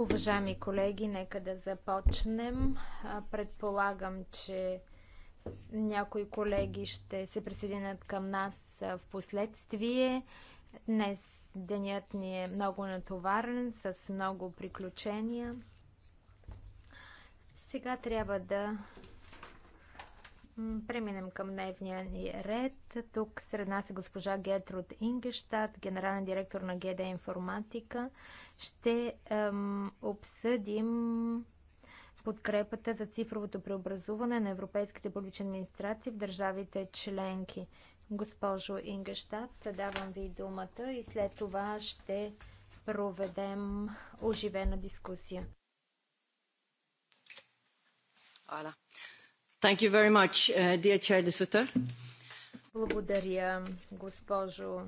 Уважаеми колеги, нека да започнем. Предполагам, че някои колеги ще се присъединят към нас в последствие. Днес денят ни е много натоварен, с много приключения. Сега трябва да Преминем към дневния ни ред. Тук сред нас е госпожа Гетруд Ингештад, генерален директор на ГД Информатика. Ще ем, обсъдим подкрепата за цифровото преобразуване на европейските публични администрации в държавите членки. Госпожо Ингештад, давам ви думата и след това ще проведем оживена дискусия. Voilà. Uh, благодаря, госпожо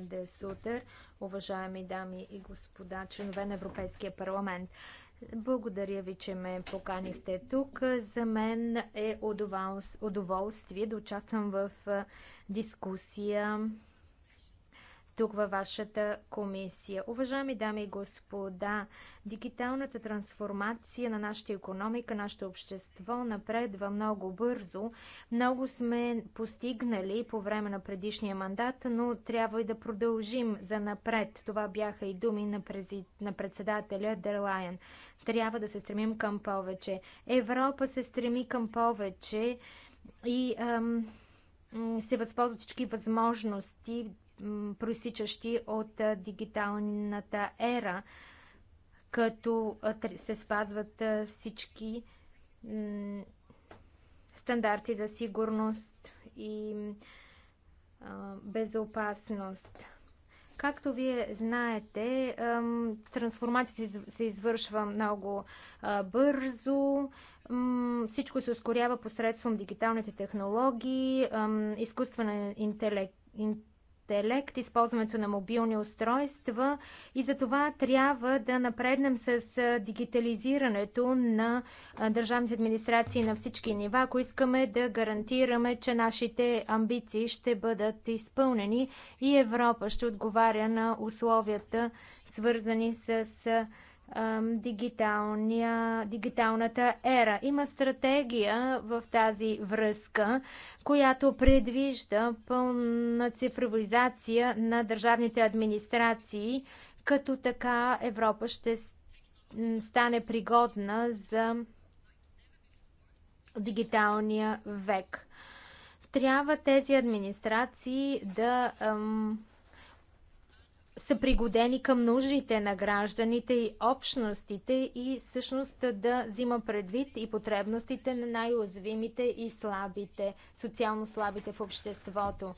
де Сутер, уважаеми дами и господа, членове на Европейския парламент. Благодаря ви, че ме поканихте тук. За мен е удоволствие да участвам в дискусия тук във вашата комисия. Уважаеми дами и господа, дигиталната трансформация на нашата економика, нашето общество напредва много бързо. Много сме постигнали по време на предишния мандат, но трябва и да продължим за напред. Това бяха и думи на, прези... на председателя Дерлайен. Трябва да се стремим към повече. Европа се стреми към повече и ам, се възползват всички възможности проистичащи от дигиталната ера, като се спазват всички стандарти за сигурност и безопасност. Както вие знаете, трансформацията се извършва много бързо. Всичко се ускорява посредством дигиталните технологии, изкуствена интелект, интелект, използването на мобилни устройства и за това трябва да напреднем с дигитализирането на държавните администрации на всички нива, ако искаме да гарантираме, че нашите амбиции ще бъдат изпълнени и Европа ще отговаря на условията, свързани с дигиталната ера. Има стратегия в тази връзка, която предвижда пълна цифровизация на държавните администрации, като така Европа ще стане пригодна за дигиталния век. Трябва тези администрации да ам, са пригодени към нуждите на гражданите и общностите и всъщност да взима предвид и потребностите на най-уязвимите и слабите, социално слабите в обществото.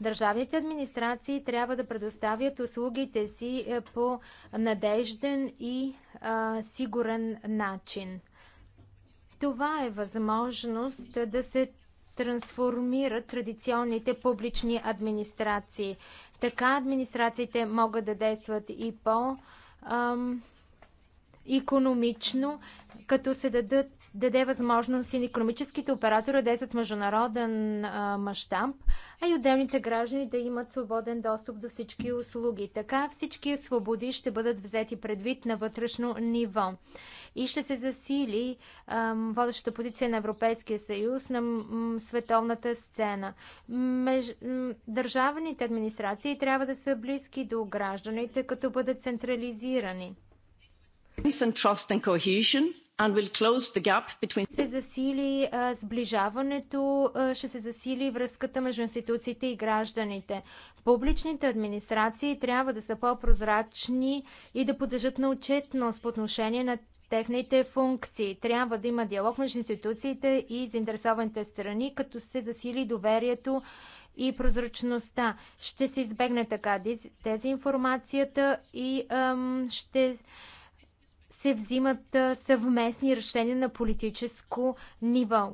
Държавните администрации трябва да предоставят услугите си е, по надежден и а, сигурен начин. Това е възможност да се трансформират традиционните публични администрации. Така администрациите могат да действат и по- економично, като се дадат даде възможност и на економическите оператори да са международен мащаб, а и отделните граждани да имат свободен достъп до всички услуги. Така всички свободи ще бъдат взети предвид на вътрешно ниво. И ще се засили ам, водещата позиция на Европейския съюз на м, световната сцена. Меж, м, държавните администрации трябва да са близки до гражданите, като бъдат централизирани. and trust and cohesion се засили сближаването, ще се засили връзката между институциите и гражданите. Публичните администрации трябва да са по-прозрачни и да подлежат на отчетност по отношение на техните функции. Трябва да има диалог между институциите и заинтересованите страни, като се засили доверието и прозрачността. Ще се избегне така дезинформацията и ам, ще се взимат съвместни решения на политическо ниво.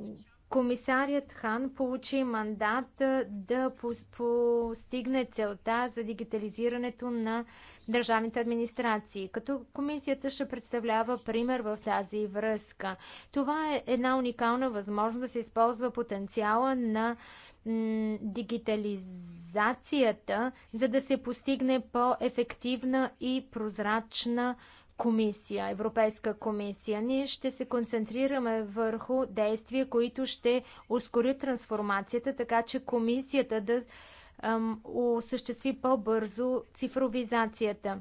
Комисарият Хан получи мандат да постигне целта за дигитализирането на държавните администрации, като комисията ще представлява пример в тази връзка. Това е една уникална възможност да се използва потенциала на дигитализацията, за да се постигне по-ефективна и прозрачна комисия, Европейска комисия. Ние ще се концентрираме върху действия, които ще ускорят трансформацията, така че комисията да ам, осъществи по-бързо цифровизацията.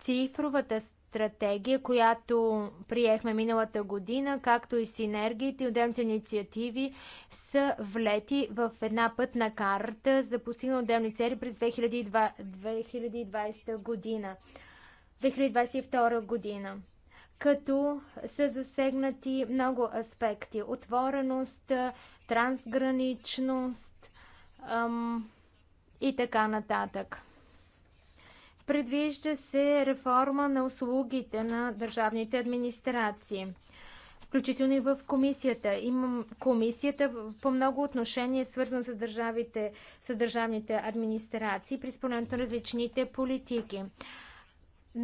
Цифровата стратегия, която приехме миналата година, както и синергиите и отделните инициативи са влети в една пътна карта за постигна отделни цели през 2020 година. 2022 година като са засегнати много аспекти. Отвореност, трансграничност ам, и така нататък. Предвижда се реформа на услугите на държавните администрации. Включително и в комисията. Имам комисията по много отношения е свързан с, държавите, с държавните администрации при на различните политики.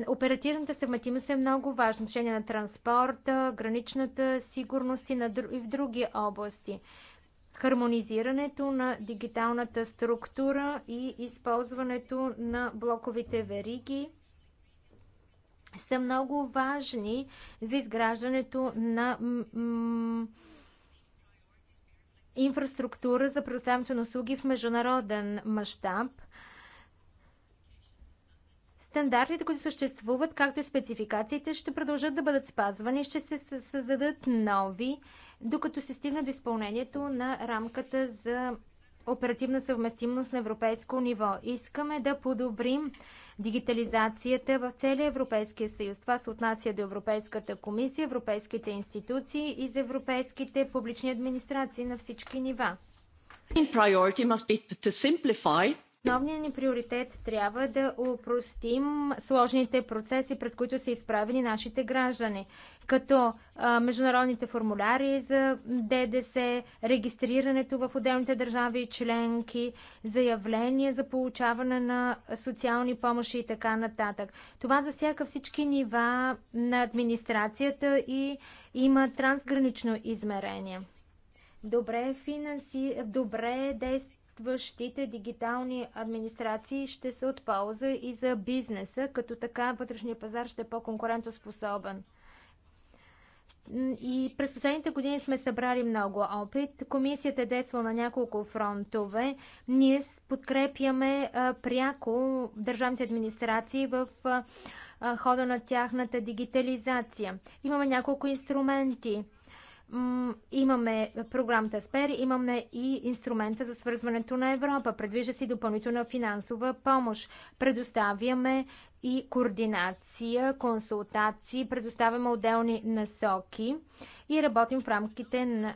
Оперативната съвместимост е много важна. Отношение на транспорта, граничната сигурност и, на, и в други области. Хармонизирането на дигиталната структура и използването на блоковите вериги са много важни за изграждането на инфраструктура за предоставянето на услуги в международен мащаб – Стандартите, които съществуват, както и спецификациите, ще продължат да бъдат спазвани, ще се създадат нови, докато се стигне до изпълнението на рамката за оперативна съвместимост на европейско ниво. Искаме да подобрим дигитализацията в целия Европейския съюз. Това се отнася до Европейската комисия, европейските институции и за европейските публични администрации на всички нива. Основният ни приоритет трябва да упростим сложните процеси, пред които са изправени нашите граждани, като а, международните формуляри за ДДС, регистрирането в отделните държави и членки, заявления за получаване на социални помощи и така нататък. Това засяга всички нива на администрацията и има трансгранично измерение. Добре, финанси... Добре действие съществуващите дигитални администрации ще са от полза и за бизнеса, като така вътрешния пазар ще е по-конкурентоспособен. И през последните години сме събрали много опит. Комисията е действала на няколко фронтове. Ние подкрепяме а, пряко държавните администрации в а, хода на тяхната дигитализация. Имаме няколко инструменти Имаме програмата СПЕР, имаме и инструмента за свързването на Европа. Предвижда си допълнителна финансова помощ. Предоставяме и координация, консултации, предоставяме отделни насоки и работим в рамките на,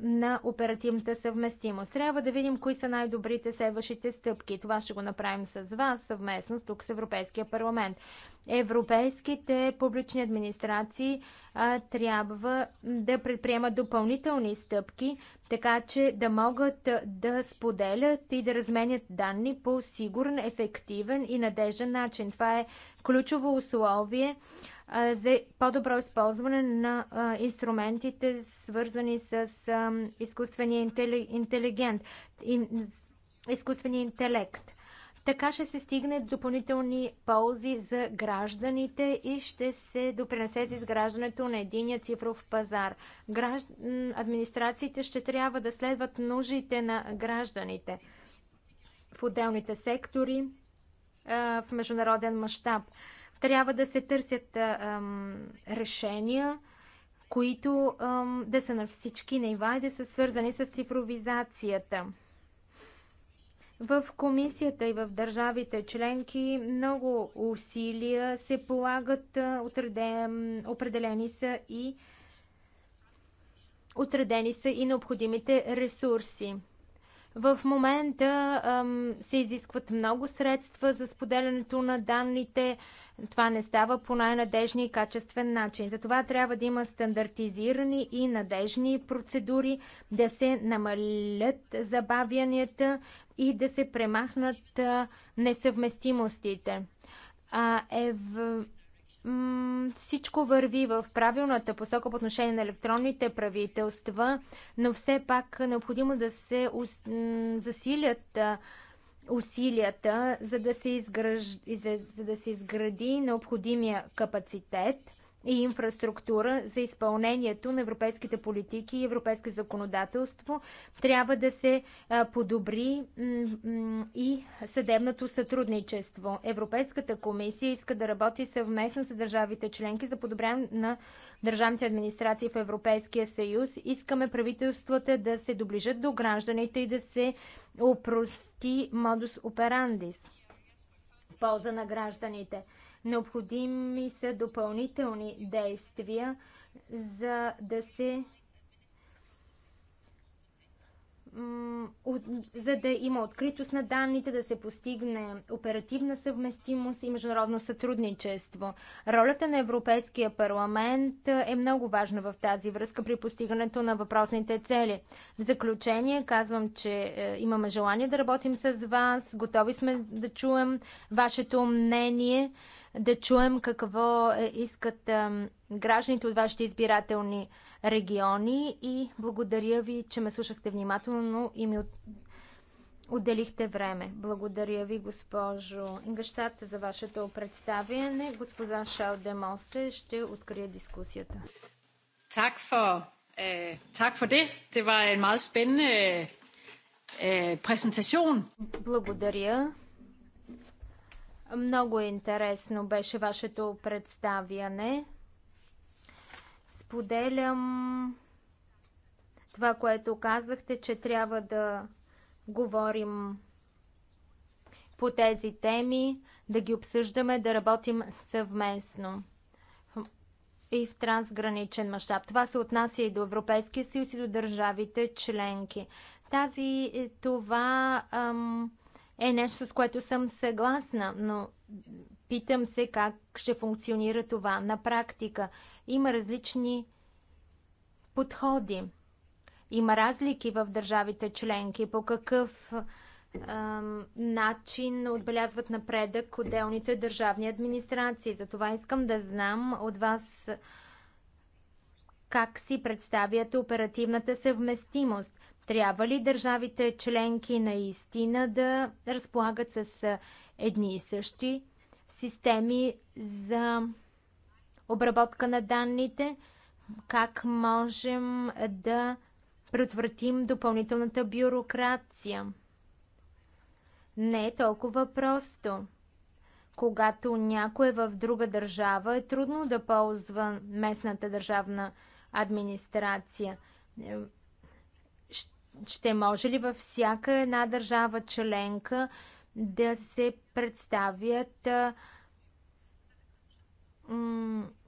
на оперативната съвместимост. Трябва да видим кои са най-добрите следващите стъпки. Това ще го направим с вас съвместно тук с Европейския парламент. Европейските публични администрации а, трябва да предприемат допълнителни стъпки, така че да могат да споделят и да разменят данни по сигурен, ефективен и надежден начин. Това е ключово условие. А, за по-добро използване на инструментите, свързани с изкуствения интелигент, изкуствения интелект. Така ще се стигне допълнителни ползи за гражданите и ще се допринесе за изграждането на единия цифров пазар. Гражд... Администрациите ще трябва да следват нуждите на гражданите в отделните сектори в международен мащаб. Трябва да се търсят ам, решения, които ам, да са на всички нива и да са свързани с цифровизацията. В комисията и в държавите членки много усилия се полагат, определени са и отредени са и необходимите ресурси. В момента ам, се изискват много средства за споделянето на данните. Това не става по най-надежния и качествен начин. Затова трябва да има стандартизирани и надежни процедури, да се намалят забавянията и да се премахнат а, несъвместимостите. А, в... Всичко върви в правилната посока по отношение на електронните правителства, но все пак необходимо да се засилят усилията, за да се изгради, за, за да се изгради необходимия капацитет – и инфраструктура за изпълнението на европейските политики и европейско законодателство. Трябва да се подобри и съдебното сътрудничество. Европейската комисия иска да работи съвместно с държавите членки за подобряване на държавните администрации в Европейския съюз. Искаме правителствата да се доближат до гражданите и да се опрости модус операндис полза на гражданите. Необходими са допълнителни действия, за да се за да има откритост на данните, да се постигне оперативна съвместимост и международно сътрудничество. Ролята на Европейския парламент е много важна в тази връзка при постигането на въпросните цели. В заключение казвам, че е, имаме желание да работим с вас, готови сме да чуем вашето мнение да чуем какво е, искат гражданите от вашите избирателни региони и благодаря ви, че ме слушахте внимателно и ми отделихте време. Благодаря ви, госпожо Ингащат, за вашето представяне. Госпожа Шал Демосе ще открие дискусията. Так for, øh, е, tak for det. Det var en meget spændende е, præsentation. Благодаря. Много интересно беше вашето представяне. Споделям това, което казахте, че трябва да говорим по тези теми, да ги обсъждаме, да работим съвместно и в трансграничен мащаб. Това се отнася и до Европейския съюз и до държавите членки. Тази, това ам, е нещо, с което съм съгласна, но питам се как ще функционира това на практика. Има различни подходи. Има разлики в държавите членки по какъв е, начин отбелязват напредък отделните държавни администрации. Затова искам да знам от вас как си представяте оперативната съвместимост. Трябва ли държавите членки наистина да разполагат с едни и същи системи за обработка на данните? Как можем да предотвратим допълнителната бюрокрация? Не е толкова просто. Когато някой е в друга държава, е трудно да ползва местната държавна администрация ще може ли във всяка една държава членка да се представят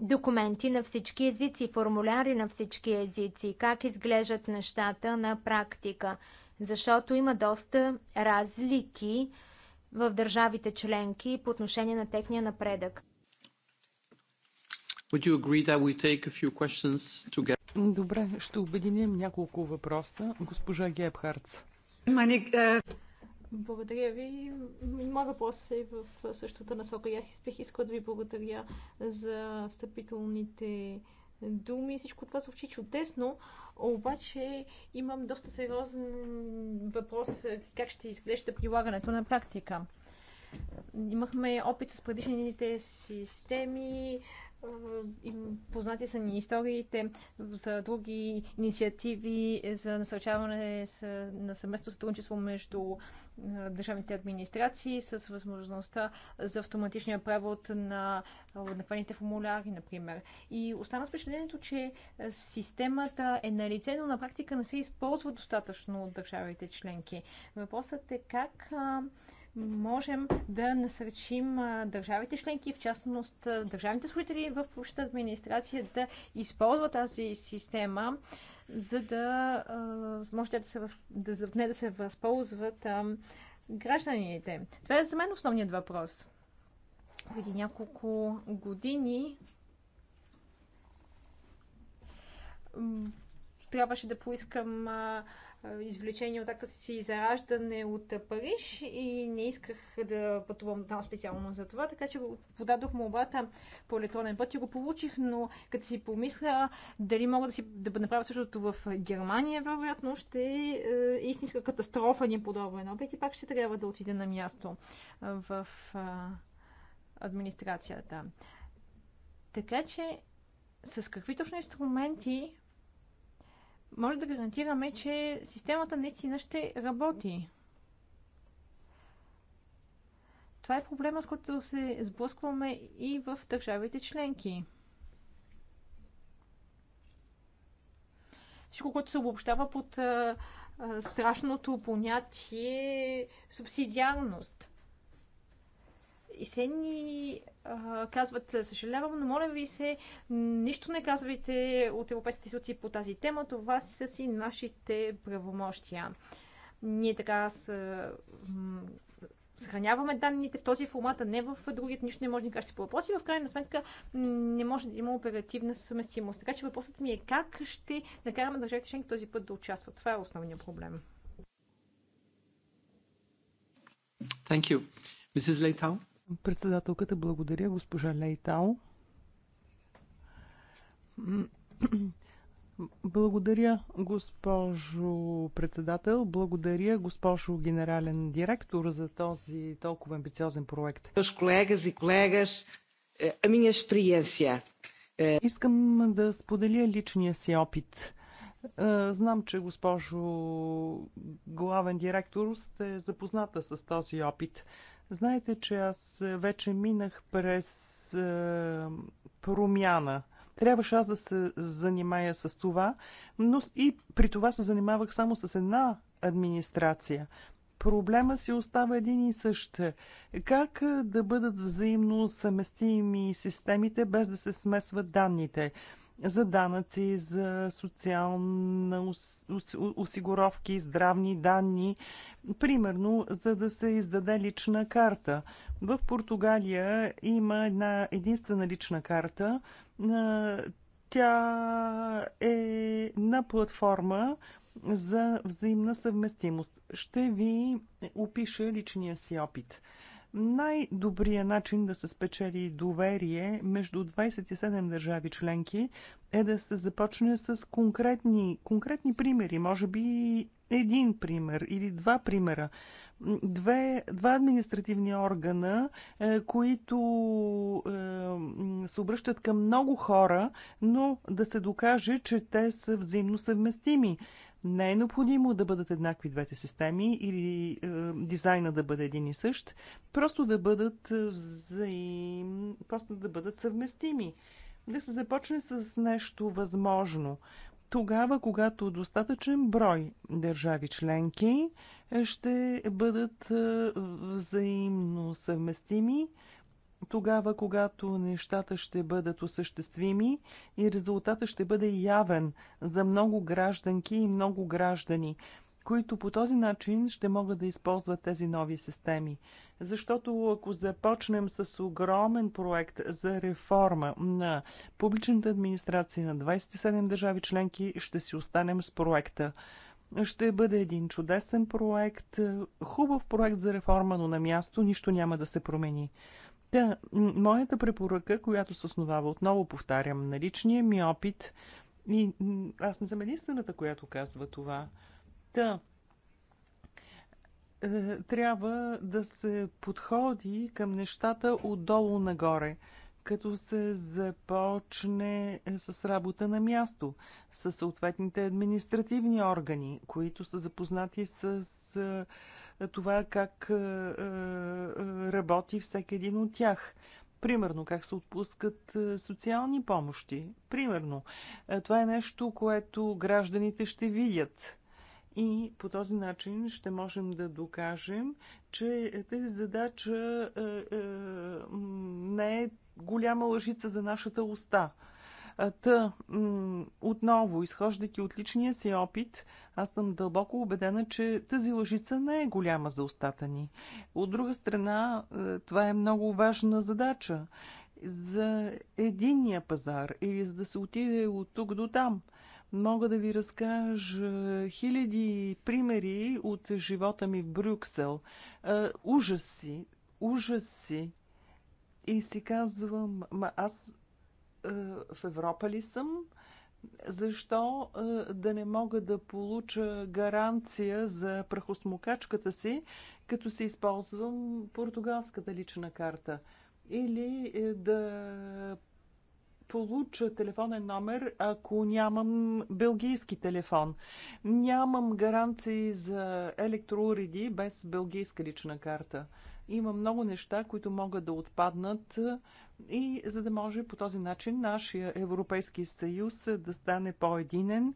документи на всички езици, формуляри на всички езици, как изглеждат нещата на практика, защото има доста разлики в държавите членки по отношение на техния напредък. Would you agree that we take a few questions together? Добре, ще обединим няколко въпроса. Госпожа Гебхарц. Е, благодаря ви. Моят въпрос е в същата насока. Я бих искал да ви благодаря за встъпителните думи. Всичко това звучи чудесно, обаче имам доста сериозен въпрос как ще изглежда прилагането на практика. Имахме опит с предишните системи, познати са ни историите за други инициативи за насърчаване на съместно сътрудничество между държавните администрации с възможността за автоматичния превод на уеднаквените формуляри, например. И остана впечатлението, че системата е на лице, но на практика не се използва достатъчно от държавите членки. Въпросът е как можем да насърчим държавите членки, в частност държавните служители в общата администрация да използват тази система, за да може да се, да, не да се възползват гражданите. Това е за мен основният въпрос. Преди няколко години трябваше да поискам извлечение от така си зараждане от Париж и не исках да пътувам там специално за това, така че подадох му обрата по електронен път и го получих, но като си помисля дали мога да, си, да направя същото в Германия, вероятно ще е истинска катастрофа ни е подобен опит и пак ще трябва да отида на място в администрацията. Така че с какви точно инструменти може да гарантираме, че системата наистина ще работи. Това е проблема, с който се сблъскваме и в държавите членки. Всичко, което се обобщава под а, а, страшното понятие субсидиарност – и се ни а, казват, съжалявам, но моля ви се, нищо не казвайте от европейските институции по тази тема, това са си нашите правомощия. Ние така с, съхраняваме данните в този формат, а не в другият. Нищо не може да ни кажете по въпроси. В крайна сметка не може да има оперативна съвместимост. Така че въпросът ми е как ще накараме държавите членки този път да участват. Това е основният проблем. Thank you. Mrs. Leitao? Председателката благодаря, госпожа Лейтао. Благодаря, госпожо председател. Благодаря, госпожо генерален директор, за този толкова амбициозен проект. Колегас и колегаш, а минha experiência. Eh, Искам да споделя личния си опит. Е, знам, че госпожо главен директор сте запозната с този опит. Знаете, че аз вече минах през е, промяна. Трябваше аз да се занимая с това, но и при това се занимавах само с една администрация. Проблема си остава един и същ. Как е, да бъдат взаимно съместими системите, без да се смесват данните? за данъци, за социална осигуровки, здравни данни, примерно за да се издаде лична карта. В Португалия има една единствена лична карта. Тя е на платформа за взаимна съвместимост. Ще ви опиша личния си опит. Най-добрият начин да се спечели доверие между 27 държави членки е да се започне с конкретни, конкретни примери, може би един пример или два примера. Две, два административни органа, е, които е, се обръщат към много хора, но да се докаже, че те са взаимно съвместими. Не е необходимо да бъдат еднакви двете системи или е, дизайна да бъде един и същ, просто да бъдат е, взаим, просто да бъдат съвместими. Да се започне с нещо възможно. Тогава, когато достатъчен брой държави членки ще бъдат е, взаимно съвместими, тогава, когато нещата ще бъдат осъществими и резултата ще бъде явен за много гражданки и много граждани, които по този начин ще могат да използват тези нови системи. Защото ако започнем с огромен проект за реформа на публичната администрация на 27 държави членки, ще си останем с проекта. Ще бъде един чудесен проект, хубав проект за реформа, но на място нищо няма да се промени. Та, моята препоръка, която се основава, отново повтарям, на личния ми опит, и аз не съм единствената, която казва това. Та, е, трябва да се подходи към нещата отдолу нагоре като се започне е, с работа на място, с съответните административни органи, които са запознати с е, това как е, е, работи всеки един от тях. Примерно, как се отпускат е, социални помощи. Примерно, това е нещо, което гражданите ще видят. И по този начин ще можем да докажем, че тази задача не е голяма лъжица за нашата уста. Та, отново, изхождайки от личния си опит, аз съм дълбоко убедена, че тази лъжица не е голяма за устата ни. От друга страна, е, това е много важна задача за единния пазар или за да се отиде от тук до там. Мога да ви разкажа хиляди примери от живота ми в Брюксел. Е, ужаси, ужаси. И си казвам, ма аз е, в Европа ли съм? Защо е, да не мога да получа гаранция за прахосмокачката си, като се използвам португалската лична карта? Или е, да получа телефонен номер, ако нямам белгийски телефон. Нямам гаранции за електроуреди без белгийска лична карта. Има много неща, които могат да отпаднат и за да може по този начин нашия Европейски съюз да стане по-единен.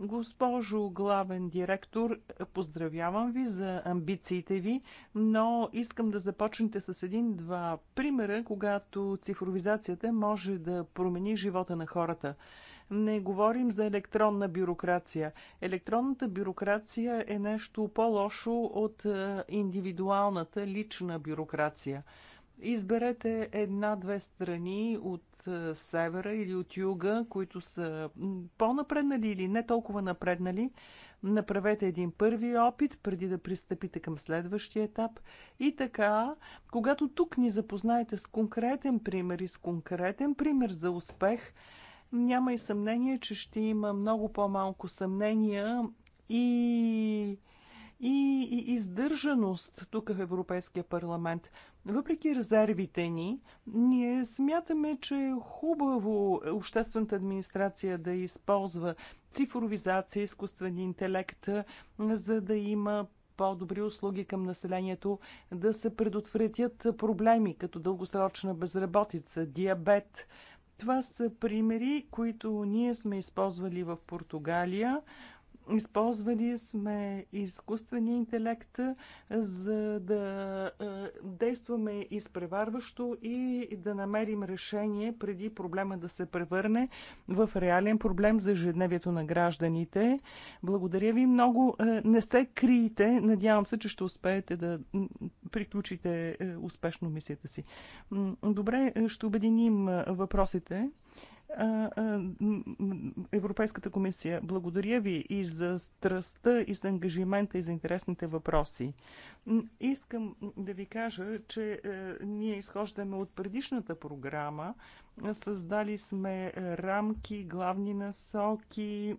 Госпожо главен директор, поздравявам ви за амбициите ви, но искам да започнете с един-два примера, когато цифровизацията може да промени живота на хората. Не говорим за електронна бюрокрация. Електронната бюрокрация е нещо по-лошо от е, индивидуалната лична бюрокрация. Изберете една-две страни от е, севера или от юга, които са по-напреднали или не толкова напреднали. Направете един първи опит, преди да пристъпите към следващия етап. И така, когато тук ни запознаете с конкретен пример и с конкретен пример за успех, няма и съмнение, че ще има много по-малко съмнения и и, издържаност тук в Европейския парламент. Въпреки резервите ни, ние смятаме, че е хубаво обществената администрация да използва цифровизация, изкуствен интелект, за да има по-добри услуги към населението, да се предотвратят проблеми като дългосрочна безработица, диабет. Това са примери, които ние сме използвали в Португалия Използвали сме изкуствения интелект, за да е, действаме изпреварващо и да намерим решение преди проблема да се превърне в реален проблем за ежедневието на гражданите. Благодаря ви много. Е, не се криете. Надявам се, че ще успеете да приключите е, успешно мисията си. Добре, ще обединим въпросите. Европейската комисия. Благодаря ви и за страстта, и за ангажимента, и за интересните въпроси. Искам да ви кажа, че е, ние изхождаме от предишната програма. Създали сме е, рамки, главни насоки,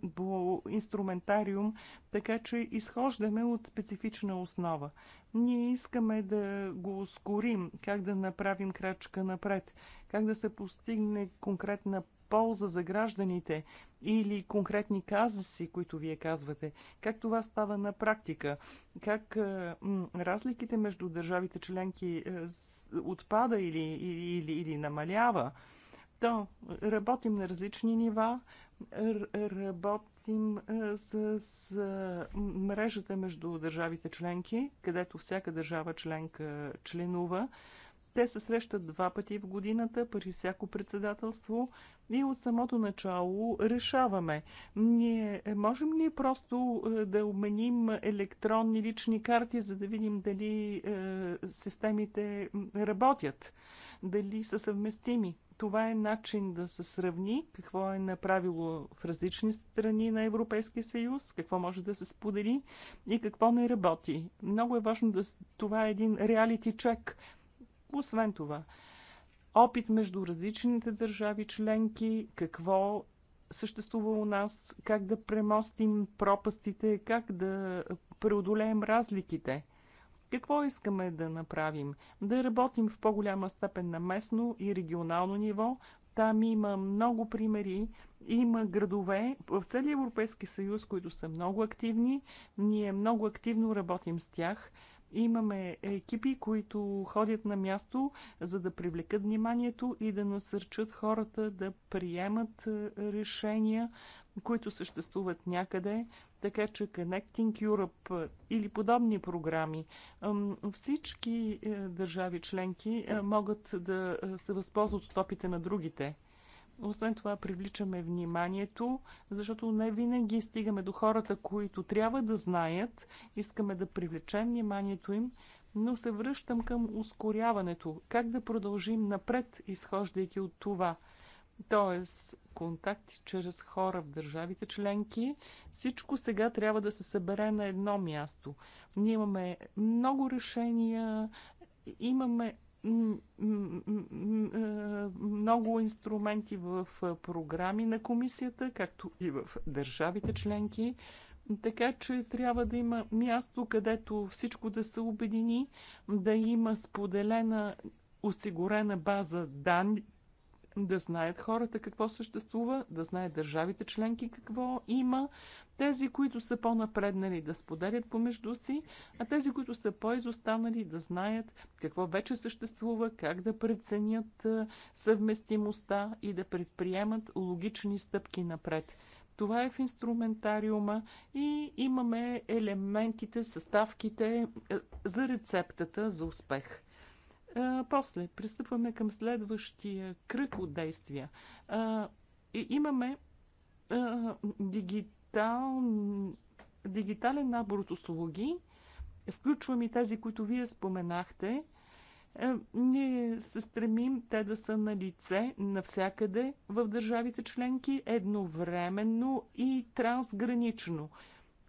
инструментариум, така че изхождаме от специфична основа. Ние искаме да го ускорим, как да направим крачка напред, как да се постигне конкретна полза за гражданите или конкретни казуси, които вие казвате? Как това става на практика? Как е, разликите между държавите членки е, отпада или, или, или, или намалява? То работим на различни нива, работим е, с, с мрежата между държавите членки, където всяка държава членка членува. Те се срещат два пъти в годината, при всяко председателство и от самото начало решаваме. Ние можем ли просто е, да обменим електронни лични карти, за да видим дали е, системите работят, дали са съвместими? Това е начин да се сравни какво е направило в различни страни на Европейския съюз, какво може да се сподели и какво не работи. Много е важно да това е един реалити чек – освен това, опит между различните държави членки, какво съществува у нас, как да премостим пропастите, как да преодолеем разликите. Какво искаме да направим? Да работим в по-голяма степен на местно и регионално ниво. Там има много примери. Има градове в целия Европейски съюз, които са много активни. Ние много активно работим с тях – Имаме екипи, които ходят на място, за да привлекат вниманието и да насърчат хората да приемат е, решения, които съществуват някъде, така че Connecting Europe е, или подобни програми, всички е, държави членки могат да се възползват от опите на другите – освен това, привличаме вниманието, защото не винаги стигаме до хората, които трябва да знаят. Искаме да привлечем вниманието им, но се връщам към ускоряването. Как да продължим напред, изхождайки от това? Тоест, контакти чрез хора в държавите членки, всичко сега трябва да се събере на едно място. Ние имаме много решения, имаме много инструменти в програми на комисията, както и в държавите членки. Така че трябва да има място, където всичко да се обедини, да има споделена осигурена база данни, да знаят хората какво съществува, да знаят държавите членки какво има, тези, които са по-напреднали да споделят помежду си, а тези, които са по-изостанали да знаят какво вече съществува, как да преценят съвместимостта и да предприемат логични стъпки напред. Това е в инструментариума и имаме елементите, съставките е, за рецептата за успех. А, после пристъпваме към следващия кръг от действия. А, и имаме а, дигитал, дигитален набор от услуги. Включвам и тези, които вие споменахте. А, ние се стремим те да са на лице навсякъде в държавите членки, едновременно и трансгранично.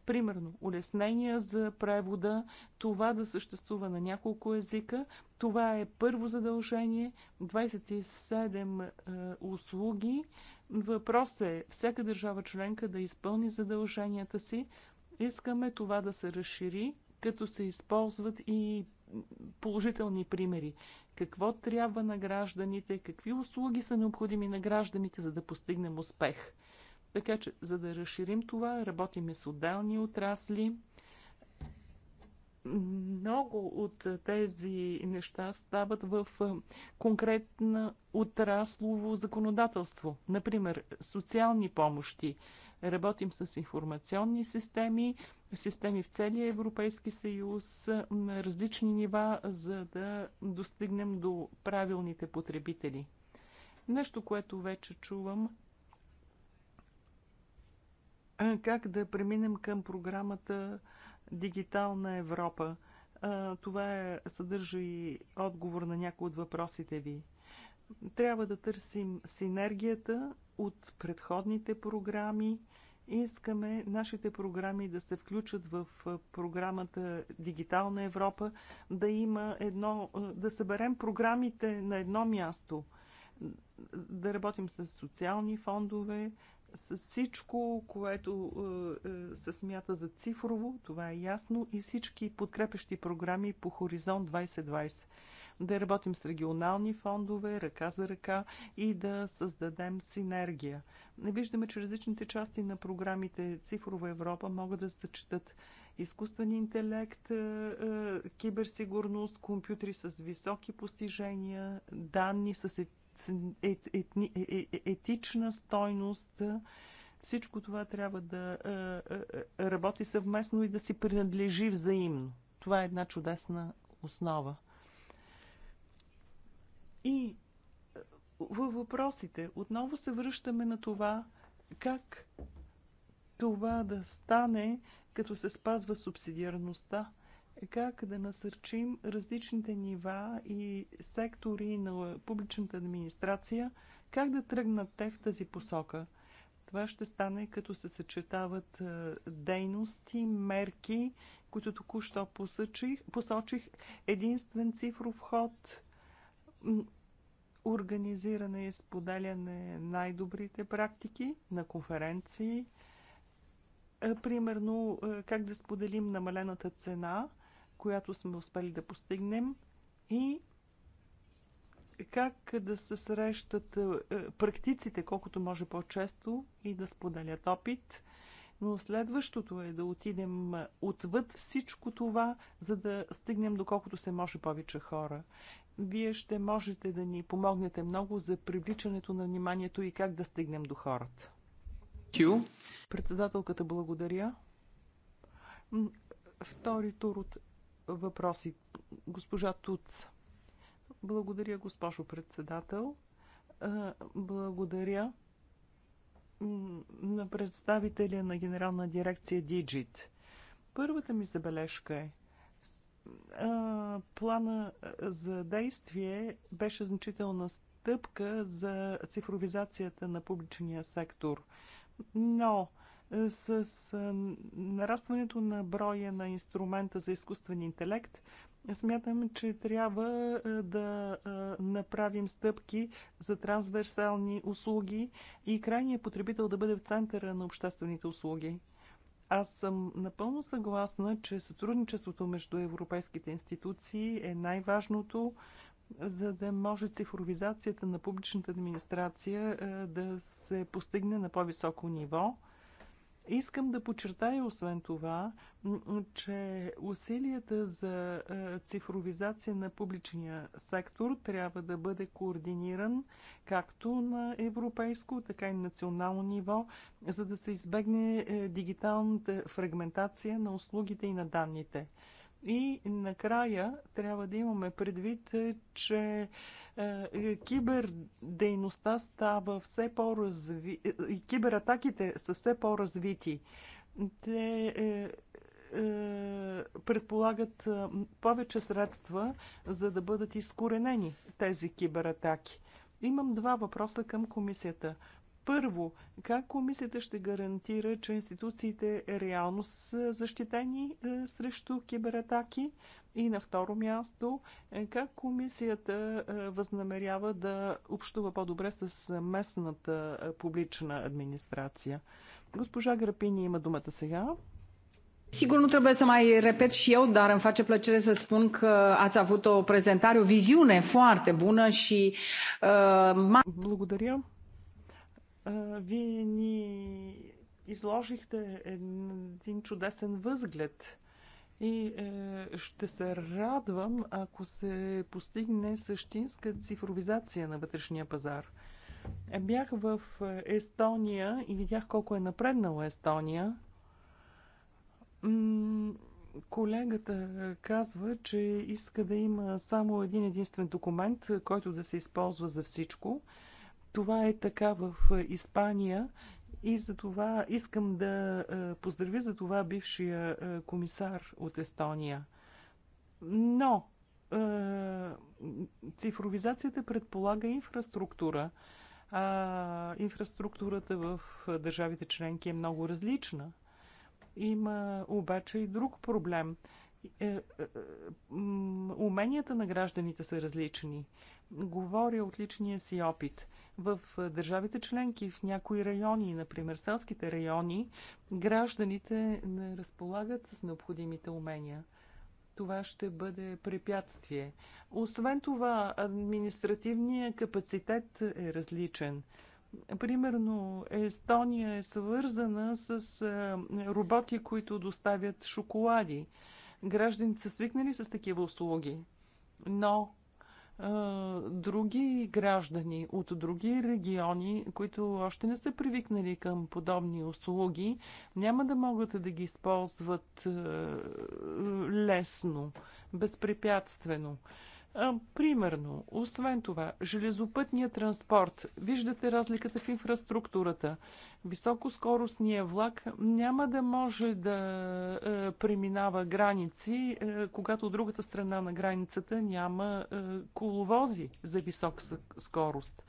Примерно, улеснения за превода, това да съществува на няколко езика, това е първо задължение, 27 е, услуги. Въпрос е всяка държава членка да изпълни задълженията си. Искаме това да се разшири, като се използват и положителни примери. Какво трябва на гражданите, какви услуги са необходими на гражданите, за да постигнем успех. Така че, за да разширим това, работиме с отделни отрасли много от тези неща стават в е, конкретна отраслово законодателство. Например, социални помощи. Работим с информационни системи, системи в целия Европейски съюз на различни нива, за да достигнем до правилните потребители. Нещо, което вече чувам, е, как да преминем към програмата Дигитална Европа. Това е, съдържа и отговор на някои от въпросите ви. Трябва да търсим синергията от предходните програми. Искаме нашите програми да се включат в програмата Дигитална Европа, да има едно, да съберем програмите на едно място, да работим с социални фондове, с всичко, което е, е, се смята за цифрово, това е ясно, и всички подкрепещи програми по Хоризонт 2020 да работим с регионални фондове, ръка за ръка и да създадем синергия. Не виждаме, че различните части на програмите Цифрова Европа могат да съчетат изкуствен интелект, е, киберсигурност, компютри с високи постижения, данни с ет, е- е- е- етична стойност. Всичко това трябва да работи съвместно и да си принадлежи взаимно. Това е една чудесна основа. И във въпросите отново се връщаме на това как това да стане, като се спазва субсидиарността – как да насърчим различните нива и сектори на публичната администрация, как да тръгнат те в тази посока. Това ще стане като се съчетават е, дейности, мерки, които току-що посочих, посочих. Единствен цифров ход, организиране и споделяне най-добрите практики на конференции, е, примерно е, как да споделим намалената цена – която сме успели да постигнем и как да се срещат е, практиците колкото може по-често и да споделят опит. Но следващото е да отидем отвъд всичко това, за да стигнем до колкото се може повече хора. Вие ще можете да ни помогнете много за привличането на вниманието и как да стигнем до хората. Председателката благодаря. Втори тур от въпроси. Госпожа Туц. Благодаря, госпожо председател. Благодаря на представителя на генерална дирекция Digit. Първата ми забележка е, плана за действие беше значителна стъпка за цифровизацията на публичния сектор. Но с нарастването на броя на инструмента за изкуствен интелект, смятам, че трябва да направим стъпки за трансверсални услуги и крайният потребител да бъде в центъра на обществените услуги. Аз съм напълно съгласна, че сътрудничеството между европейските институции е най-важното, за да може цифровизацията на публичната администрация да се постигне на по-високо ниво. Искам да подчертая освен това, че усилията за е, цифровизация на публичния сектор трябва да бъде координиран както на европейско, така и на национално ниво, за да се избегне е, дигиталната фрагментация на услугите и на данните. И накрая трябва да имаме предвид, е, че е, е, кибердейността става все по-разви... Е, и кибератаките са все по-развити. Те предполагат повече средства, за да бъдат изкоренени тези кибератаки. Имам два въпроса към комисията. Първо, как комисията ще гарантира, че институциите реално са защитени е, срещу кибератаки? И на второ място, е, как комисията е, възнамерява да общува по-добре с местната публична администрация? Госпожа Грапини има думата сега. Sigur, nu trebuie să mai repet și eu, dar îmi face plăcere să spun că ați avut o prezentare, o viziune foarte bună și... Uh, Благодаря. Вие ни изложихте един чудесен възглед и е, ще се радвам, ако се постигне същинска цифровизация на вътрешния пазар. Е, бях в Естония и видях колко е напреднала Естония. Колегата казва, че иска да има само един единствен документ, който да се използва за всичко. Това е така в е, Испания и за това искам да е, поздравя за това бившия е, комисар от Естония. Но цифровизацията предполага инфраструктура. А инфраструктурата в държавите членки е много различна. Има обаче и друг проблем. Уменията на гражданите са различни. Говоря от личния си опит. В държавите членки, в някои райони, например селските райони, гражданите не разполагат с необходимите умения това ще бъде препятствие. Освен това, административният капацитет е различен. Примерно, Естония е свързана с роботи, които доставят шоколади. Гражданите са свикнали с такива услуги, но други граждани от други региони, които още не са привикнали към подобни услуги, няма да могат да ги използват лесно, безпрепятствено. Примерно, освен това, железопътният транспорт. Виждате разликата в инфраструктурата. Високоскоростния влак няма да може да е, преминава граници, е, когато от другата страна на границата няма е, коловози за висока скорост.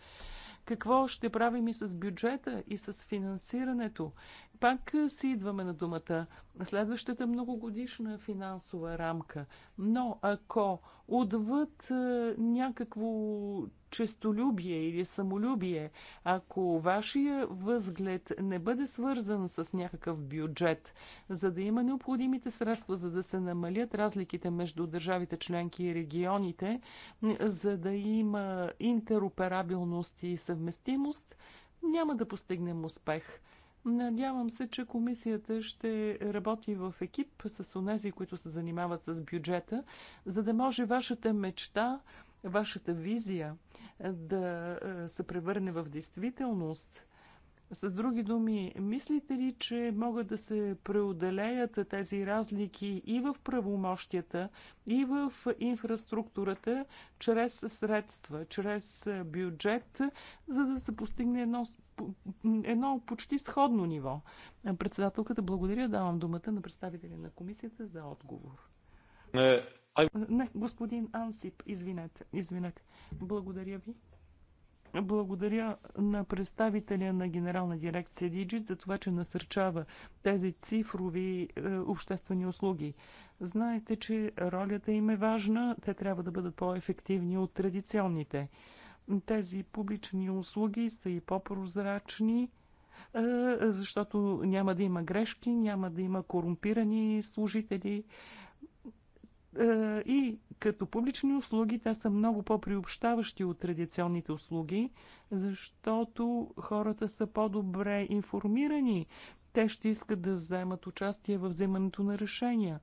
Какво ще правим и с бюджета, и с финансирането? Пак си идваме на думата. Следващата многогодишна финансова рамка. Но ако отвъд някакво честолюбие или самолюбие, ако вашия възглед не бъде свързан с някакъв бюджет, за да има необходимите средства, за да се намалят разликите между държавите членки и регионите, за да има интероперабилност и съвместимост, няма да постигнем успех – Надявам се, че комисията ще работи в екип с онези, които се занимават с бюджета, за да може вашата мечта, вашата визия е, да е, се превърне в действителност с други думи, мислите ли, че могат да се преодолеят тези разлики и в правомощията, и в инфраструктурата, чрез средства, чрез бюджет, за да се постигне едно, едно почти сходно ниво? Председателката, благодаря. Давам думата на представителя на комисията за отговор. Е, Не, господин Ансип, извинете, извинете. Благодаря ви. Благодаря на представителя на Генерална дирекция Диджит за това, че насърчава тези цифрови е, обществени услуги. Знаете, че ролята им е важна. Те трябва да бъдат по-ефективни от традиционните. Тези публични услуги са и по-прозрачни, е, защото няма да има грешки, няма да има корумпирани служители. Е, и като публични услуги те са много по-приобщаващи от традиционните услуги, защото хората са по-добре информирани. Те ще искат да вземат участие в вземането на решения.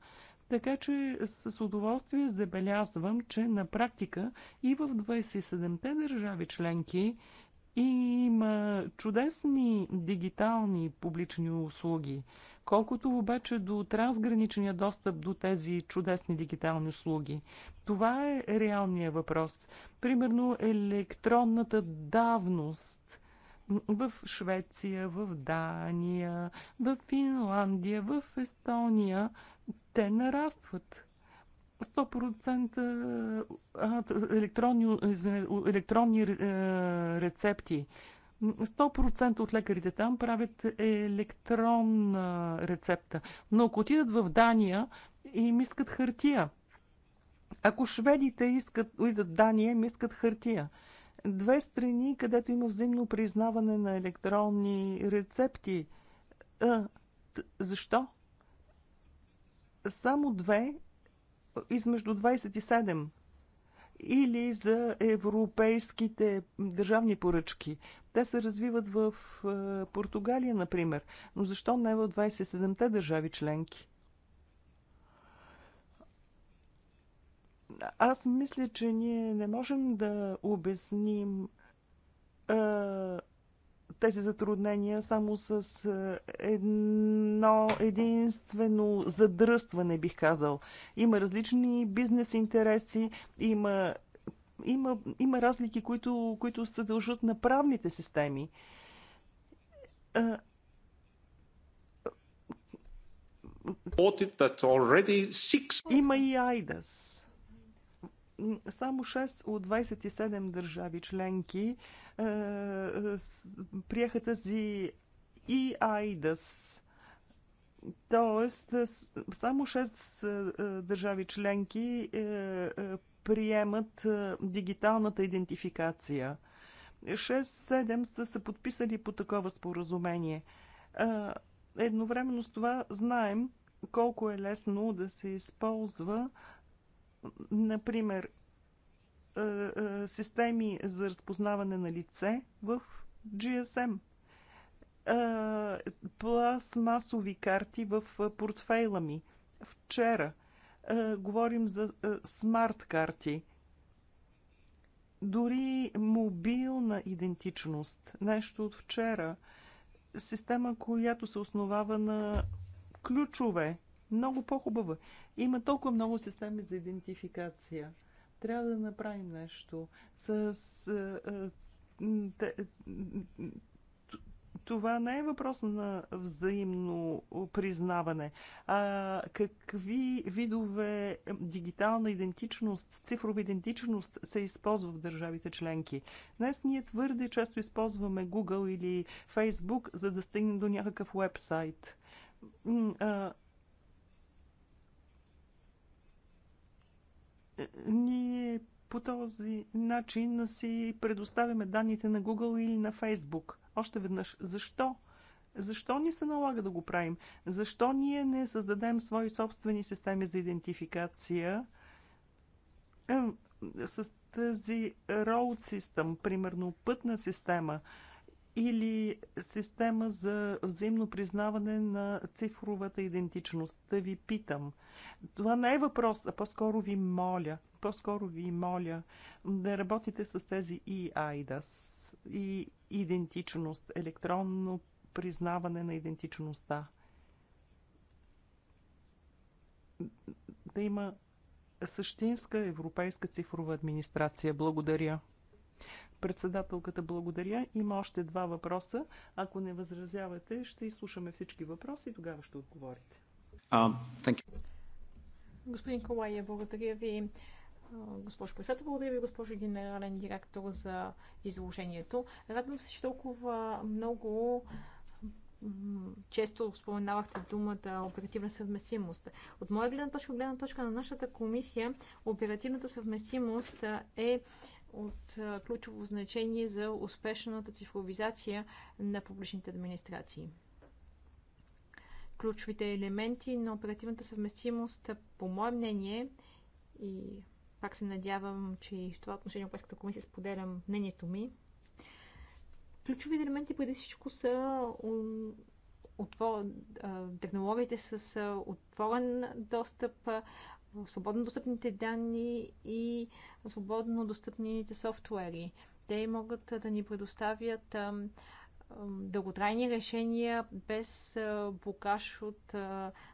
Така че с удоволствие забелязвам, че на практика и в 27-те държави членки има чудесни дигитални публични услуги. Колкото обаче до трансграничния достъп до тези чудесни дигитални услуги, това е реалният въпрос. Примерно електронната давност – в Швеция, в Дания, в Финландия, в Естония, те нарастват. 100% електронни, електронни е, рецепти. 100% от лекарите там правят електронна рецепта. Но ако отидат в Дания, им искат хартия. Ако шведите искат, отидат Дания, им искат хартия. Две страни, където има взаимно признаване на електронни рецепти. А, защо? Само две измежду 27 или за европейските държавни поръчки. Те се развиват в е, Португалия, например, но защо не в 27-те държави членки? Аз мисля, че ние не можем да обясним е, тези затруднения само с е, едно единствено задръстване, бих казал. Има различни бизнес интереси, има има, има разлики, които, които се дължат на правните системи. Има и Айдас. Само 6 от 27 държави членки е, приеха тази и Айдас. Тоест, само 6 държави членки е, е, приемат е, дигиталната идентификация. 6-7 са се подписали по такова споразумение. Е, едновременно с това знаем колко е лесно да се използва, например, е, системи за разпознаване на лице в GSM пластмасови карти в портфейла ми. Вчера е, говорим за е, смарт карти. Дори мобилна идентичност, нещо от вчера, система, която се основава на ключове, много по-хубава. Има толкова много системи за идентификация. Трябва да направим нещо с, с е, това не е въпрос на взаимно признаване. А какви видове дигитална идентичност, цифрова идентичност се използва в държавите членки? Днес ние твърде често използваме Google или Facebook, за да стигнем до някакъв вебсайт. Ние по този начин си предоставяме данните на Google или на Facebook. Още веднъж, защо? Защо ни се налага да го правим? Защо ние не създадем свои собствени системи за идентификация с тази road system, примерно пътна система или система за взаимно признаване на цифровата идентичност? Да ви питам. Това не е въпрос, а по-скоро ви моля, по-скоро ви моля да работите с тези EIDAS и идентичност, електронно признаване на идентичността. Да има същинска европейска цифрова администрация. Благодаря. Председателката благодаря. Има още два въпроса. Ако не възразявате, ще изслушаме всички въпроси и тогава ще отговорите. Um, Господин Колая, благодаря ви госпожо председател. Благодаря ви, госпожо генерален директор, за изложението. Радвам се, че толкова много често споменавахте думата оперативна съвместимост. От моя гледна точка, гледна точка на нашата комисия, оперативната съвместимост е от ключово значение за успешната цифровизация на публичните администрации. Ключовите елементи на оперативната съвместимост, по мое мнение и пак се надявам, че и в това отношение Европейската комисия споделям мнението ми. Ключови елементи преди всичко са отвор... технологиите с отворен достъп, свободно достъпните данни и свободно достъпните софтуери. Те могат да ни предоставят дълготрайни решения без блокаж от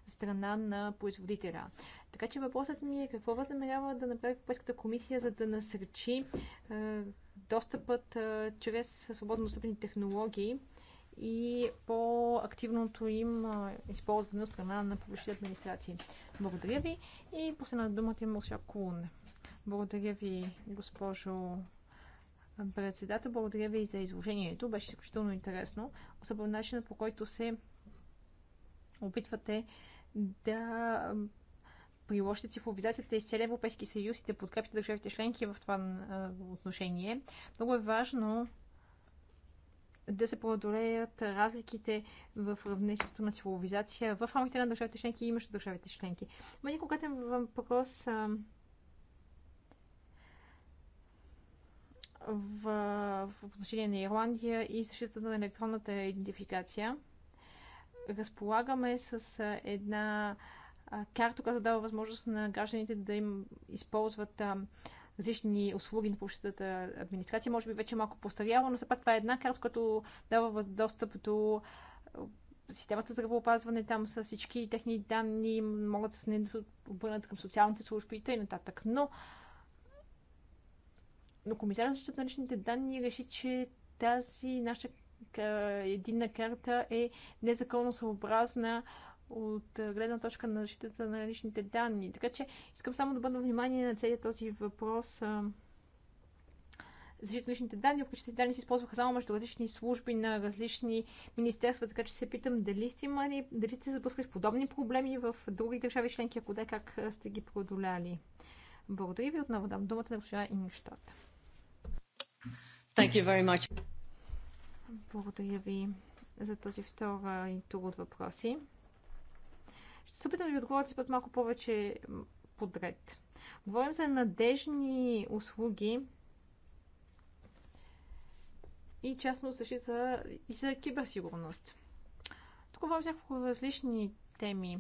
страна на производителя. Така че въпросът ми е какво възнамерява да направи Европейската комисия, за да насърчи е, достъпът е, чрез свободно достъпни технологии и по-активното им е, използване от страна на публичните администрации. Благодаря ви и последната думата има Мурсия Кулун. Благодаря ви, госпожо председател. Благодаря ви за изложението. Беше изключително интересно, особено начинът по който се опитвате да в цифровизацията из целия Европейски съюз и да подкрепят държавите членки в това отношение. Много е важно да се преодолеят разликите в равнището на цивилизация в рамките на държавите членки и между държавите членки. Има един конкретен въпрос а, в, в отношение на Ирландия и защитата на електронната идентификация. Разполагаме с една а, карта, която дава възможност на гражданите да им използват различни услуги на публичната администрация. Може би вече малко постаряла, но все пак това е една карта, която дава достъп до системата за здравеопазване, там са всички техни данни, могат с да се обърнат към социалните служби и т.н. Но, но комисарът за защита на личните данни реши, че тази наша единна карта е незаконно съобразна от е, гледна точка на защитата на личните данни. Така че искам само да бъда внимание на целият този въпрос. Защита на личните данни, личните данни се използваха само между различни служби на различни министерства, така че се питам дали сте имали, дали сте запускали с подобни проблеми в други държави членки, ако да, как сте ги продоляли. Благодаря ви отново, дам думата на госпожа Ингштадт. Thank you very much. Благодаря ви за този втори тур от въпроси. Ще се опитам да ви отговоря този път малко повече подред. Говорим за надежни услуги и частно защита и за киберсигурност. Тук говорим за различни теми.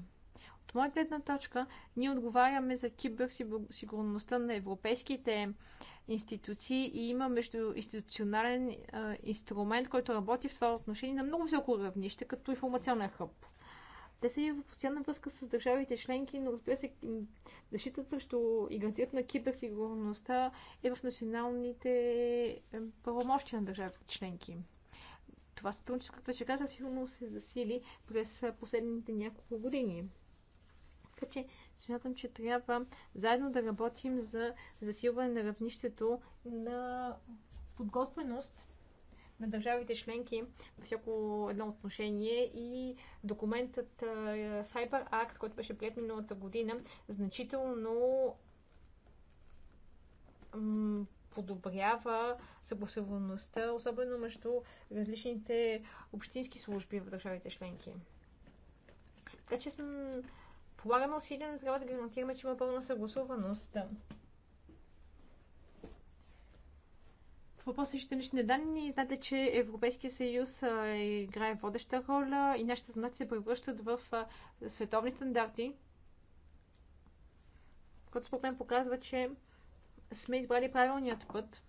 От моя гледна точка, ние отговаряме за киберсигурността на европейските институции и има междуинституционален инструмент, който работи в това отношение на много високо равнище, като информационен хъб. Те са и в постоянна връзка с държавите членки, но разбира се, защитата срещу и гарантирането на киберсигурността е в националните е, правомощи на държавите членки. Това сътрудничество, както вече казах, сигурно се засили през е, последните няколко години. Така че смятам, че трябва заедно да работим за засилване на равнището на подготвеност на държавите членки във всяко едно отношение и документът Cyber Act, който беше прият миналата година, значително подобрява съгласуваността, особено между различните общински служби в държавите членки. Така че полагаме усилия, но трябва да гарантираме, че има пълна съгласуваност въпроса за лични данни, знаете, че Европейския съюз играе водеща роля и нашите страна се превръщат в световни стандарти, което според мен показва, че сме избрали правилният път.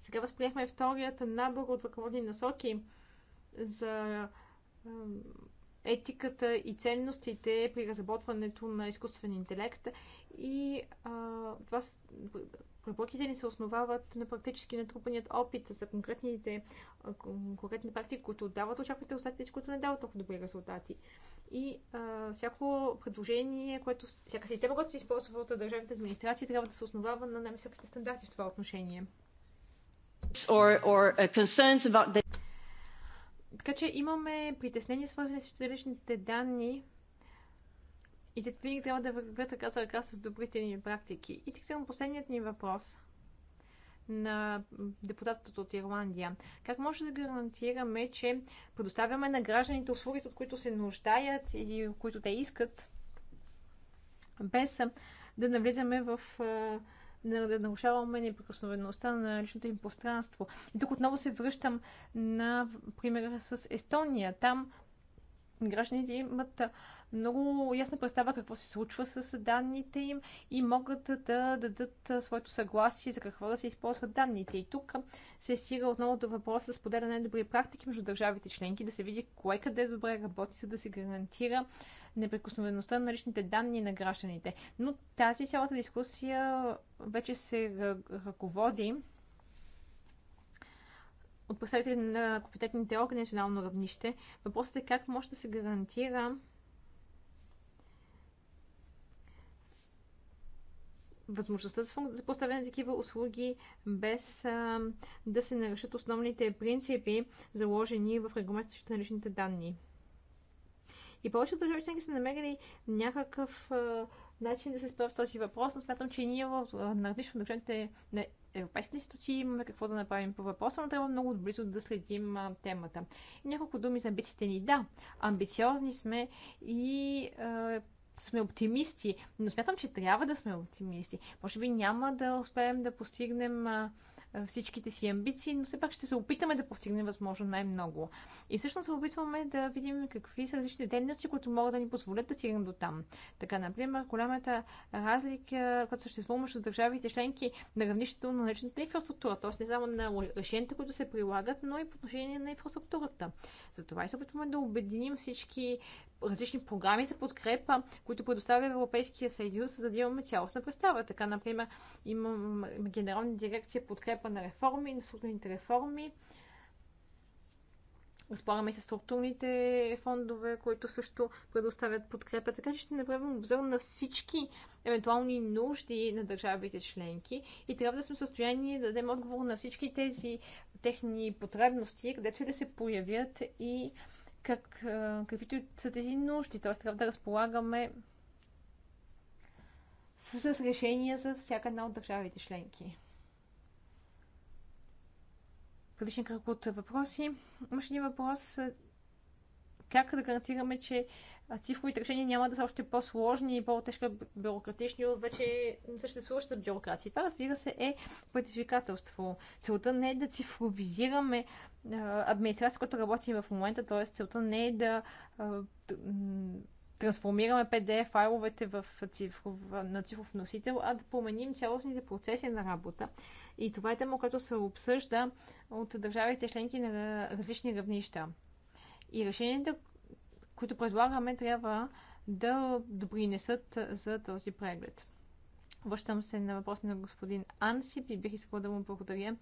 Сега възприехме вторият набор от ръководни насоки за етиката и ценностите при разработването на изкуствен интелект и а, това препоръките ни се основават на практически натрупаният опит за конкретните, конкретни практики, които дават очакваните резултати, които не дават толкова добри резултати. И а, всяко предложение, което, всяка система, която се използва от държавните администрации, трябва да се основава на най-високите стандарти в това отношение. Or, or, uh, така че имаме притеснения, свързани с личните данни и те винаги трябва да вървят ръка за ръка с добрите ни практики. И така последният ни въпрос на депутатът от Ирландия. Как може да гарантираме, че предоставяме на гражданите услугите, от които се нуждаят или които те искат, без да навлизаме в да нарушаваме неприкосновеността на личното им пространство. И тук отново се връщам на примера с Естония. Там гражданите имат много ясна представа какво се случва с данните им и могат да дадат своето съгласие за какво да се използват данните. И тук се стига отново до въпроса с поделя на добри практики между държавите членки, да се види кое къде добре работи, за да се гарантира неприкосновеността на личните данни на гражданите. Но тази цялата дискусия вече се ръководи от представители на компетентните органи на национално равнище. Въпросът е как може да се гарантира възможността за поставяне на такива услуги без а, да се нарушат основните принципи, заложени в регламента на личните данни. И повечето държави членки са намерили някакъв а, начин да се справят с този въпрос, но смятам, че ние в, на различно държавите на европейските институции имаме какво да направим по въпроса, но трябва много близо да следим а, темата. И няколко думи за амбициите ни. Да, амбициозни сме и а, сме оптимисти, но смятам, че трябва да сме оптимисти. Може би няма да успеем да постигнем а, всичките си амбиции, но все пак ще се опитаме да постигнем възможно най-много. И всъщност се опитваме да видим какви са различни дейности, които могат да ни позволят да стигнем до там. Така, например, голямата разлика, която съществува между държавите членки на равнището на личната инфраструктура, т.е. не само на решенията, които се прилагат, но и по отношение на инфраструктурата. Затова и се опитваме да обединим всички различни програми за подкрепа, които предоставя Европейския съюз, за да имаме цялостна представа. Така, например, имам генерална дирекция подкрепа на реформи, на структурните реформи. Разполагаме с структурните фондове, които също предоставят подкрепа. Така че ще направим обзор на всички евентуални нужди на държавите членки и трябва да сме в състояние да дадем отговор на всички тези техни потребности, където и да се появят и как, каквито са тези нужди. Т.е. трябва да разполагаме с решения за всяка една от държавите членки. Предишен кръг от въпроси. Имаше един въпрос как да гарантираме, че цифровите решения няма да са още по-сложни и по-тежка бюрократични от вече съществуващата бюрокрация. Това, разбира се, е предизвикателство. Целта не е да цифровизираме администрацията, която работим в момента, т.е. целта не е да трансформираме PDF файловете в цифров, на цифров носител, а да променим цялостните процеси на работа. И това е тема, която се обсъжда от държавите членки на различни равнища. И решенията, които предлагаме, трябва да допринесат за този преглед. Връщам се на въпрос на господин Ансип и бих искала да му благодаря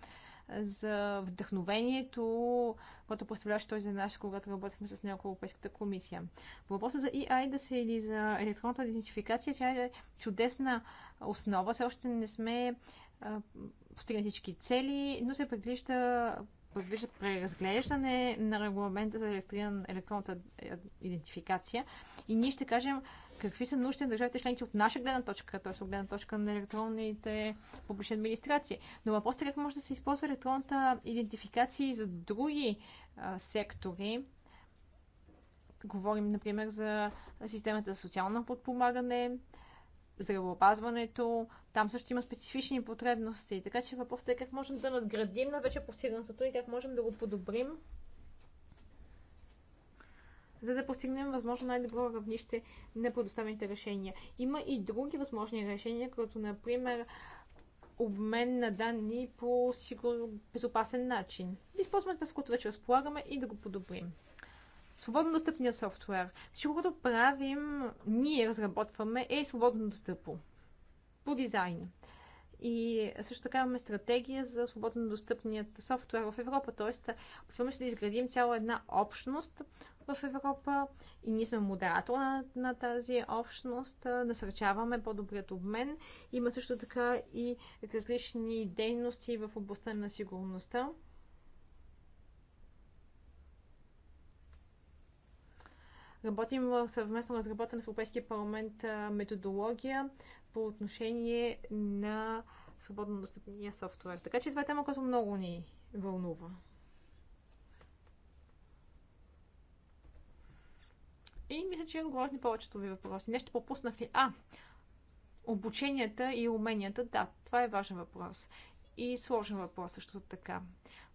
за вдъхновението, което представляваше той за нас, когато работихме с него Европейската комисия. Въпросът за e или за електронната идентификация, тя е чудесна основа. Все още не сме постигнали всички цели, но се предвижда предвижда преразглеждане на регламента за електрон, електронната идентификация и ние ще кажем какви са нужди на държавите членки от наша гледна точка, т.е. от гледна точка на електронните публични администрации. Но въпросът е как може да се използва електронната идентификация и за други а, сектори. Говорим, например, за системата за социално подпомагане, здравеопазването. Там също има специфични потребности. Така че въпросът е как можем да надградим на вече постигнатото и как можем да го подобрим, за да постигнем възможно най-добро равнище на предоставените решения. Има и други възможни решения, като например обмен на данни по сигурно безопасен начин. Да използваме това, с което вече разполагаме и да го подобрим свободно достъпния софтуер. Всичко, което правим, ние разработваме, е свободно достъпно по дизайн. И също така имаме стратегия за свободно достъпният софтуер в Европа. Тоест, опитваме се да изградим цяла една общност в Европа и ние сме модератор на, на тази общност, насърчаваме по-добрият обмен. Има също така и различни дейности в областта на сигурността. Работим съвместно разработена с Европейския парламент методология по отношение на свободно достъпния софтуер. Така че това е тема, която много ни вълнува. И мисля, че отговорих на повечето ви въпроси. Нещо пропуснах ли? А, обученията и уменията, да, това е важен въпрос и сложен въпрос също така.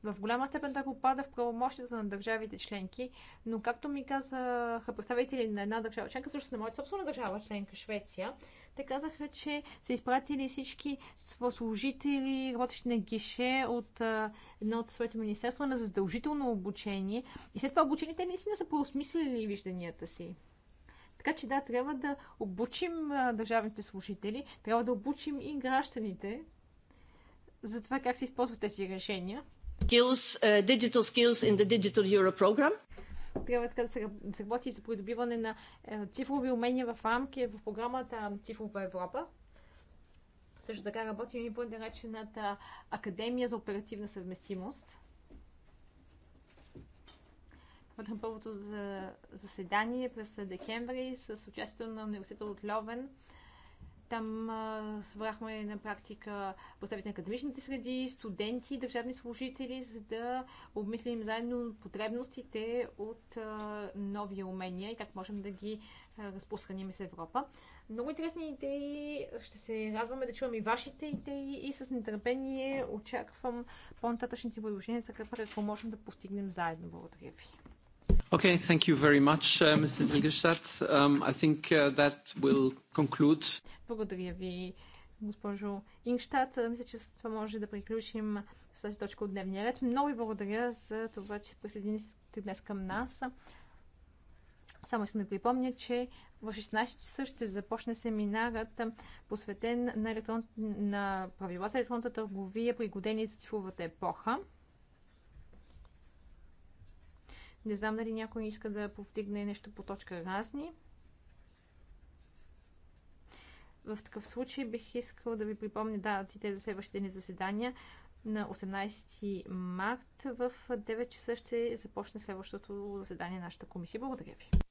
В голяма степен той попада в правомощията на държавите членки, но както ми казаха представители на една държава членка, също на моята собствена държава членка, Швеция, те казаха, че са изпратили всички служители, работещи на гише от едно от своите министерства на задължително обучение. И след това обучение те наистина са преосмислили вижданията си. Така че да, трябва да обучим а, държавните служители, трябва да обучим и гражданите, за това как се използват тези решения. Skills, uh, digital skills in the Digital Euro program. Трябва така да се, работи за придобиване на е, цифрови умения в рамки в програмата Цифрова Европа. Също така работим и по наречената Академия за оперативна съвместимост. Работим първото за заседание през декември с участието на университета от Льовен там а, събрахме на практика представители на академичните среди, студенти, държавни служители, за да обмислим заедно потребностите от а, нови умения и как можем да ги а, разпространим с Европа. Много интересни идеи. Ще се радваме да чувам и вашите идеи и с нетърпение очаквам по-нататъчните предложения за какво можем да постигнем заедно. Благодаря ви. Okay, thank you very much, uh, Mrs. Ilgestad. Um, I think uh, that will conclude. Благодаря ви, госпожо Ингштад. Мисля, че с това може да приключим с тази точка от дневния ред. Много ви благодаря за това, че се присъединихте днес към нас. Само искам да припомня, че в 16 часа ще започне семинарът, посветен на, на правила за електронната търговия, пригодени за цифровата епоха. Не знам дали някой иска да повдигне нещо по точка разни. В такъв случай бих искал да ви припомня датите за следващите ни заседания. На 18 март в 9 часа ще започне следващото заседание на нашата комисия. Благодаря ви.